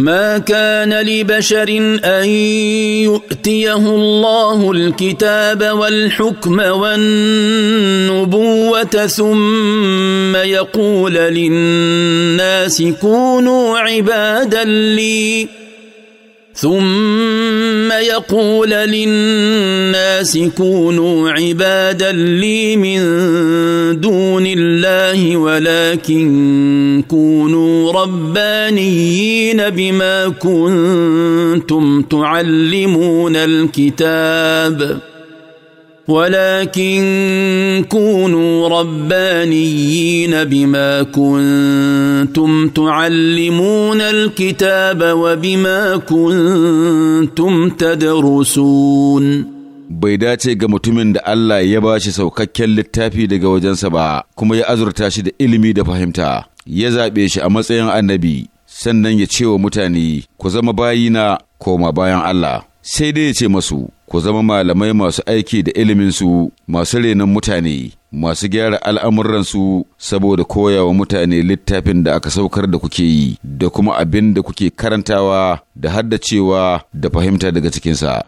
ما كان لبشر ان يؤتيه الله الكتاب والحكم والنبوه ثم يقول للناس كونوا عبادا لي ثم ثم يقول للناس كونوا عبادا لي من دون الله ولكن كونوا ربانيين بما كنتم تعلمون الكتاب ولكن كونوا ربانيين بما كنتم تعلمون الكتاب وبما كنتم تدرسون bai dace ga mutumin da Allah ya ba shi saukakken littafi daga wajensa ba kuma ya azurta shi da ilimi da fahimta ya zaɓe shi a matsayin annabi sannan ya ce wa mutane ku zama bayina koma bayan Allah sai dai ya ce masu ku zama malamai masu aiki da iliminsu masu renon mutane masu gyara al'amuransu saboda koyawa mutane littafin da aka saukar da kuke yi da kuma abin da kuke karantawa da haddacewa da fahimta daga cikinsa.